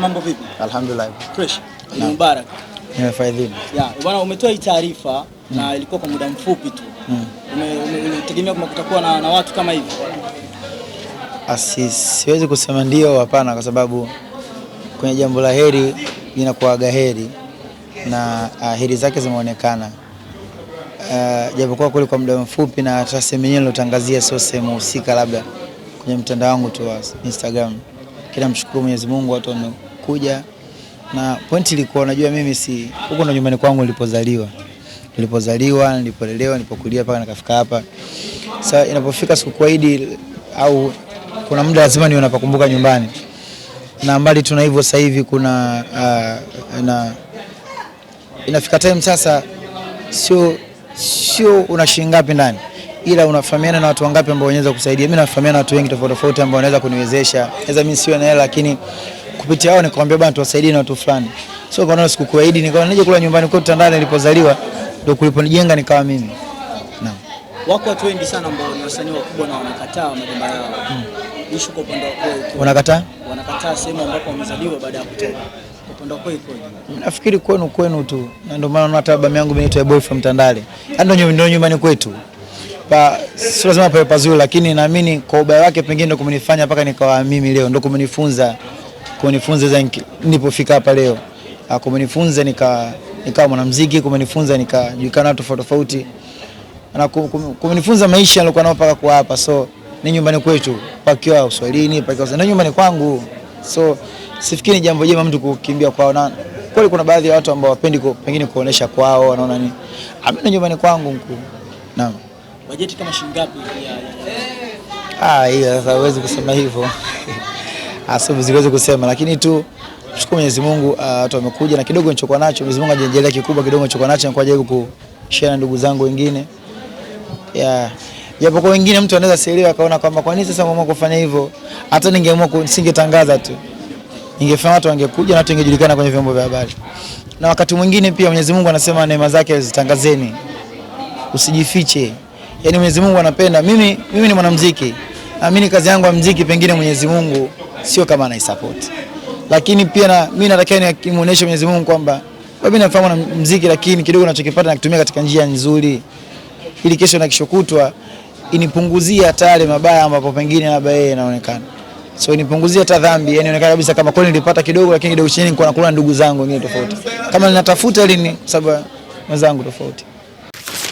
Mambo vipi? Alhamdulillah. Fresh. Ni Mubarak. Yeah, bwana umetoa hii taarifa mm. na ilikuwa kwa muda mfupi tu mm. umetegemea kama kutakuwa na, na watu kama hivi? Siwezi kusema ndio, hapana, kwa sababu kwenye jambo la heri linakuaga heri na uh, heri zake zimeonekana uh, japokuwa kule kwa muda mfupi, na hata sehemu yenyewe nilotangazia sio sehemu husika, labda kwenye mtandao wangu tu wa Instagram kila mshukuru Mwenyezi Mungu, watu wamekuja na pointi ilikuwa unajua, mimi si huko ndo nyumbani kwangu nilipozaliwa, nilipozaliwa, nilipolelewa, nilipokulia mpaka nikafika hapa. Sasa inapofika siku kwa Idi au kuna muda lazima niwe napakumbuka nyumbani, na mbali tuna hivyo sasa hivi kuna uh, na inafika time sasa, sio sio, una shilingi ngapi ndani ila unafahamiana na watu wangapi ambao wanaweza kusaidia. Mimi nafahamiana na watu wengi tofauti tofauti ambao wanaweza kuniwezesha, naweza mimi siwe na hela, lakini kupitia wao nikamwambia bwana, tuwasaidie na watu fulani. So kwa nao sikukuahidi, nikaona nije kula nyumbani kwa Tandale nilipozaliwa, ndio kuliponijenga nikawa mimi. Naam, wako watu wengi sana ambao ni wasanii wakubwa na wanakataa majumba yao hmm. Ishu kwa upande wako, wanakataa wanakataa sehemu ambapo wamezaliwa baada ya kutoka Nafikiri kwenu kwenu tu, na ndio maana hata baba yangu inaitwa Boy from Tandale, yaani ndio nyumbani kwetu pa sio lazima pawe pazuri, lakini naamini kwa ubaya wake pengine ndo kumenifanya mpaka nikawa mimi leo, ndo kumenifunza kumenifunza nilipofika hapa leo, ah, kumenifunza nika nikawa mwanamuziki, kumenifunza nikajulikana watu tofauti tofauti, na kumenifunza maisha nilikuwa nao mpaka kwa hapa. So ni nyumbani kwetu, pakiwa Uswahilini, pakiwa na nyumbani kwangu, so sifikiri jambo jema mtu kukimbia kwao na kweli kuna baadhi ya watu ambao wapendi pengine kuonesha kwao, wanaona nini, amina ah, nyumbani kwangu mkuu. Naam. Bajeti kama shilingi ngapi? Ah, hiyo sasa huwezi kusema hivyo ah, siwezi kusema lakini tu shukuru Mwenyezi Mungu, ah, watu wamekuja na kidogo nilichokuwa nacho Mwenyezi Mungu ajenjelea kikubwa, kidogo nilichokuwa nacho kwa ajili ya kushare na ndugu zangu wengine. Yeah. Japo kwa wengine mtu anaweza sielewa akaona kwamba kwa nini sasa mama kufanya hivyo? Hata ningeamua kusingetangaza tu. Ningefanya watu wangekuja na watu wangejulikana kwenye vyombo vya habari. Na wakati mwingine pia Mwenyezi Mungu anasema neema zake zitangazeni. Usijifiche yani Mwenyezi Mungu anapenda mimi, mimi ni mwanamuziki, naamini kazi yangu ya muziki pengine Mwenyezi Mungu sio kama anaisupport, lakini pia na, mimi natakiwa nimuoneshe Mwenyezi Mungu kwamba mimi nafahamu na muziki, lakini kidogo nachokipata nakitumia katika njia nzuri, ili kesho na kesho kutwa inipunguzie hata yale mabaya ambapo pengine labda yeye anaonekana so inipunguzie hata dhambi, yani inaonekana kabisa kama kweli nilipata kidogo, lakini kidogo chini nilikuwa nakula ndugu zangu wengine tofauti, kama ninatafuta ili ni sababu wenzangu tofauti.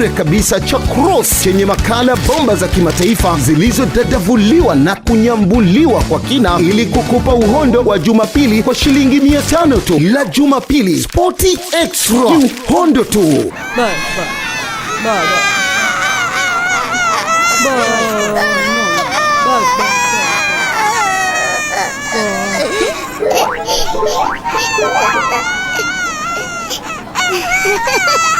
bure kabisa cha Cross chenye makala bomba za kimataifa zilizodadavuliwa na kunyambuliwa kwa kina ili kukupa uhondo wa Jumapili kwa shilingi mia tano tu. La Jumapili Sporti Extra, uhondo tu ba, ba. Ba, ba, ba. Ha ha ha!